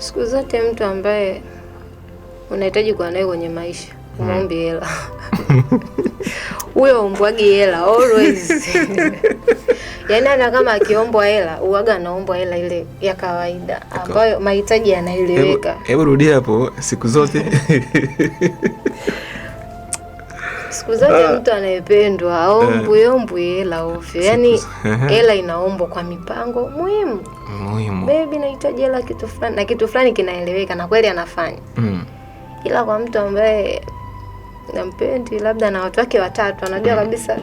Siku zote mtu ambaye unahitaji kuwa naye kwenye maisha umwombi mm. hela huyo umbwagi hela always. Yaani hata kama akiombwa hela uwaga anaombwa hela ile ya kawaida ambayo mahitaji yanaeleweka. Hebu rudia hapo, siku zote siku zote uh, mtu anayependwa aombwe uh, ombwe hela ovyo, yaani hela inaombwa kwa mipango muhimu muhimu. Baby, nahitaji hela kitu fulani na kitu fulani kinaeleweka, na kweli anafanya mm. Ila kwa mtu ambaye nampendi labda na watu wake watatu, anajua mm. kabisa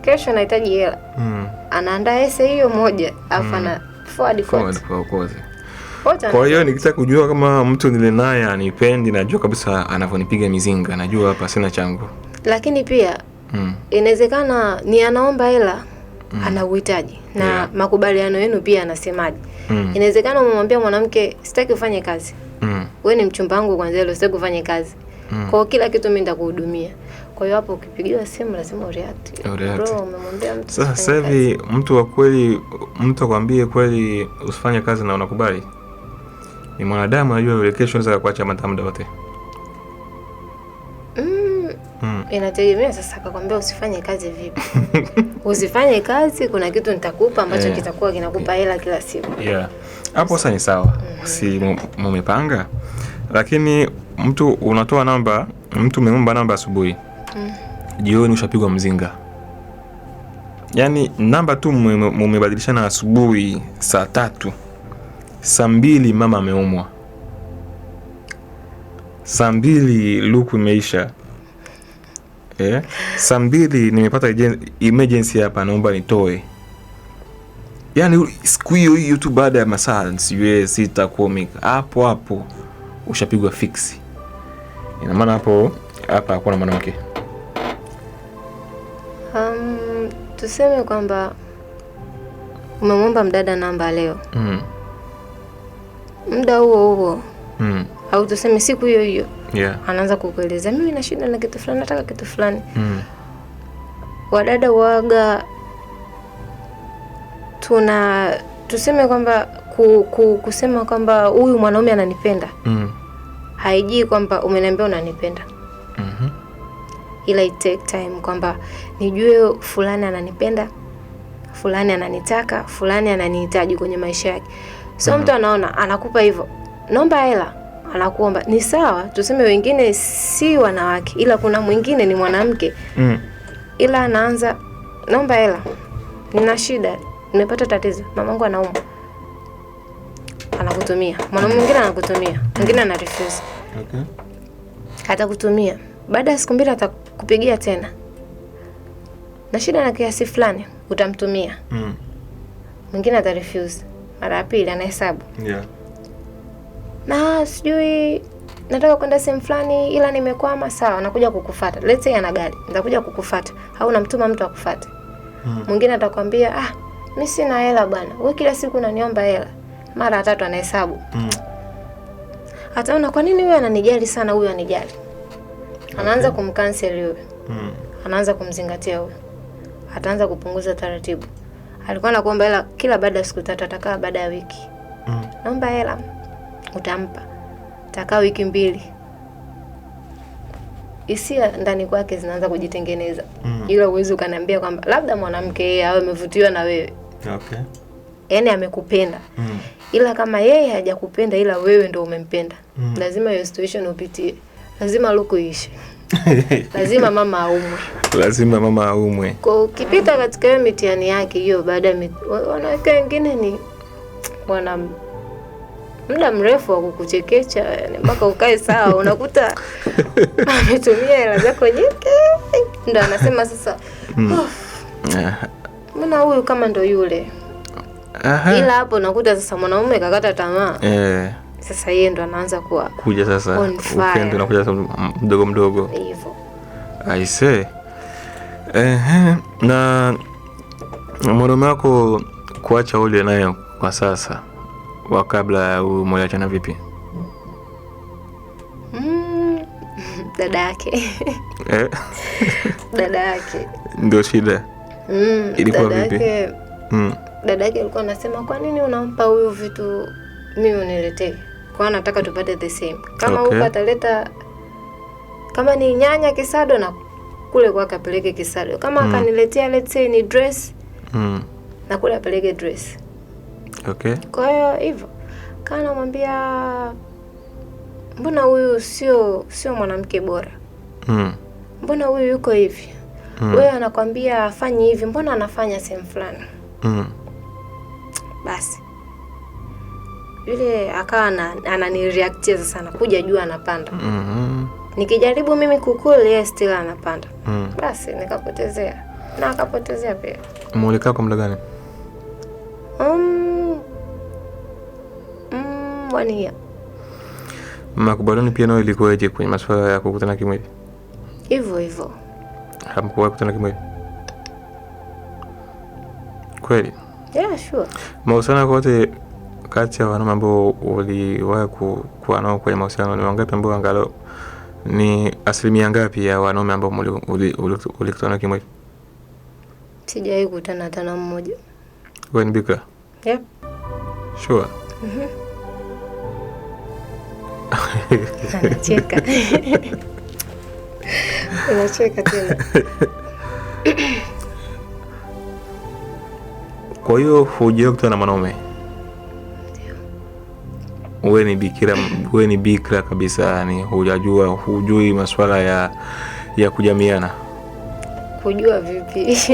kesho nahitaji hela mm. anaandaa ese hiyo moja afu mm. ana forward kwa kwa hiyo nikitaka kujua kama mtu nile naye anipendi, najua kabisa anavyonipiga mizinga, najua hapa sina changu. Lakini pia mm. inawezekana ni anaomba hela mm. ana uhitaji na yeah. makubaliano yenu pia anasemaje? mm. inawezekana umemwambia mwanamke, sitaki ufanye kazi mm. wewe ni mchumba wangu kwanza, leo sitaki ufanye kazi mm. kwa kila kitu mimi nitakuhudumia. Kwa hiyo hapo ukipigiwa simu lazima ureact. Sasa hivi mtu wa kweli, mtu akwambie kweli usifanye kazi na unakubali ni mwanadamu, anajua vile kesho anaweza kuacha mata muda wote. Mm. Hmm. Inategemea sasa, akakwambia usifanye kazi vipi? usifanye kazi, kuna kitu nitakupa ambacho yeah. kitakuwa kinakupa hela kila siku yeah. hapo sasa ni sawa mm -hmm. si mumepanga, lakini mtu unatoa namba, mtu umeomba namba asubuhi mm. jioni ushapigwa mzinga, yaani namba tu mumebadilishana asubuhi saa tatu Saa mbili mama ameumwa, saa mbili luku imeisha eh? Saa mbili nimepata emergency hapa, naomba nitoe. Yani siku hiyo hiyo tu, baada ya masaa sijue sita kumi, hapo hapo ushapigwa fiksi. Ina maana hapo hapa hakuna mwanamke um, tuseme kwamba umemwomba mdada namba leo mm muda huo huo mm. au tuseme siku hiyo hiyo yeah. Anaanza kukueleza mimi na shida na kitu fulani, nataka kitu fulani mm. Wadada waga tuna tuseme kwamba ku, ku, kusema kwamba huyu mwanaume ananipenda mm. haijii kwamba umeniambia unanipenda mm-hmm. Ila it take time kwamba nijue fulani ananipenda, fulani ananitaka, fulani ananihitaji kwenye maisha yake. Sio mtu mhm. anaona anakupa hivyo, naomba hela, anakuomba. Ni sawa, tuseme wengine si wanawake, ila kuna mwingine ni mwanamke mm. ila anaanza, naomba hela, nina shida, nimepata tatizo, mamangu anaumwa, anakutumia. Mwanaume mwingine anakutumia, mwingine ana refuse okay. Atakutumia, baada ya siku mbili atakupigia tena na shida na kiasi fulani, utamtumia mm. mwingine mm. ata refuse mara ya pili anahesabu yeah. na sijui nataka kwenda sehemu fulani ila nimekwama, sawa, nakuja kukufata. Let's say ana gari, nitakuja kukufata au namtuma mtu akufate. Hmm. Mwingine hmm. atakwambia ah, mimi sina hela bwana, wewe kila siku unaniomba hela. Mara ya tatu anahesabu hmm. ataona kwa nini huyu ananijali sana, huyu anijali, anaanza okay. kumkansel huyu hmm. anaanza kumzingatia huyu, ataanza kupunguza taratibu. hmm alikuwa anakuomba hela kila baada ya siku tatu, atakaa baada ya wiki mm. naomba hela, utampa, takaa wiki mbili, hisia ndani kwake zinaanza kujitengeneza mm. ila uwezi ukaniambia kwamba labda mwanamke yeye awe amevutiwa na wewe okay. yaani amekupenda mm. ila kama yeye hajakupenda ila wewe ndo umempenda mm. lazima hiyo situation upitie, lazima luku iishe lazima mama aumwe, lazima mama aumwe. Kwa ukipita katika hiyo mitihani yake hiyo, baada ya wanawake wengine ni wana muda mrefu wa kukuchekecha yani, mpaka ukae sawa, unakuta ametumia hela zako nyingi, ndo anasema sasa, hmm. oh, mbona huyu kama ndo yule. Aha. Ila hapo nakuta sasa mwanaume kakata tamaa eh sasa yeye ndo anaanza kuwa kuja sasa upendo na kuja mdogo mdogo hivyo. Aise, ehe. Na mwanaume wako kuacha ule naye kwa sasa wa kabla ya huyu mwaliachana vipi? Mm, dada yake eh? dada yake ndio shida. Mm, ilikuwa vipi? Mm, dada yake alikuwa anasema kwa nini unampa huyu vitu mimi uniletee kwa nataka tupate the same kama okay. Huko ataleta kama ni nyanya kisado na kule kwa kapeleke kisado kama mm. akaniletea let's say ni dress mm. na kule apeleke dress okay. Kwa hiyo hivyo kana mwambia mbona huyu sio sio mwanamke bora mm. mbona huyu yuko hivi mm. wewe anakwambia afanye hivi, mbona anafanya sehemu fulani mm. basi yule akawa ananireactia sana, kuja jua anapanda mm -hmm. nikijaribu mimi kukul, yeye still anapanda mm. Basi nikapotezea na akapotezea pia. Mulikaa kwa muda gani? um, um, one year. Makubaliano pia nao ilikuwaje kwenye masuala ya kukutana kimwili? Hivyo hivyo, hamkuwahi kukutana kimwili kweli? Yeah, sure. mahusiano yako yote kati ya wanaume ambao uliwahi kuwa nao kwenye mahusiano ni wangapi ambao angalau ni asilimia ngapi ya wanaume ambao ulikutana nao kimwili? Sijawahi kukutana hata na mmoja. Wewe ni bikra? Yep. Sure. Mhm. Anacheka. Anacheka tena. Kwa hiyo hujawahi kukutana na mwanaume? uwe ni bikira, uwe ni bikira kabisa, yani hujajua, hujui masuala ya ya kujamiana. Kujua vipi?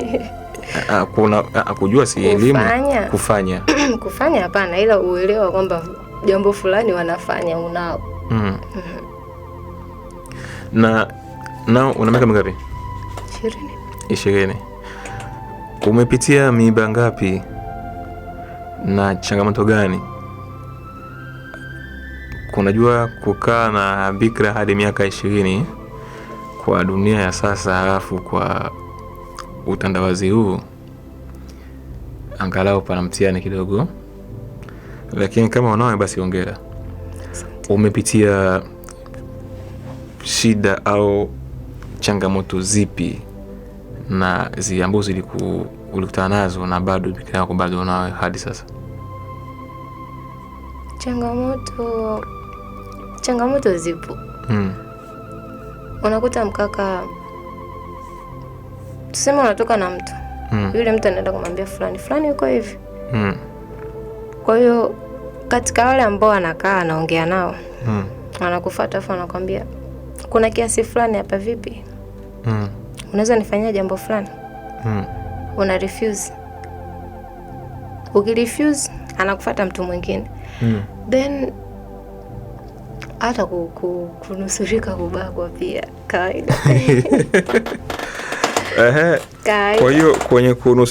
kuna kujua si elimu kufanya, kufanya, kufanya hapana, ila uelewa kwamba jambo fulani wanafanya unao. mm. Mm-hmm. na na una miaka mingapi? ishirini. Ishirini. Umepitia miiba ngapi na changamoto gani? unajua kukaa na bikra hadi miaka ishirini kwa dunia ya sasa, halafu kwa utandawazi huu, angalau pana mtihani kidogo, lakini kama unawe basi ongera. Umepitia shida au changamoto zipi na zi ambazo ulikutana nazo na bado bikra yako bado unawe hadi sasa? Changamoto changamoto zipo mm. Unakuta mkaka tuseme, unatoka na mtu mm. Yule mtu anaenda kumwambia fulani fulani yuko hivi mm. Kwa hiyo katika wale ambao anakaa anaongea nao mm. Anakufuata afu anakwambia kuna kiasi fulani hapa, vipi mm. Unaweza nifanyia jambo fulani mm. Una refuse. Ukirefuse anakufuata mtu mwingine mm. then hata kunusurika kubakwa pia kawaida. Kwa hiyo kwenye kunusurika